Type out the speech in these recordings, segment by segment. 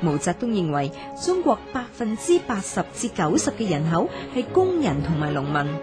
毛澤東認為中國百分之八十至九十嘅人口係工人同埋農民，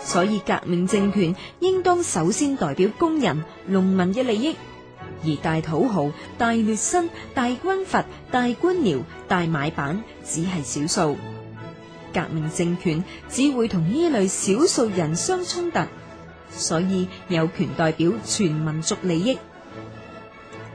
所以革命政權應當首先代表工人、農民嘅利益，而大土豪、大劣紳、大軍閥、大官僚、大買辦只係少數，革命政權只會同呢類少數人相衝突，所以有權代表全民族利益。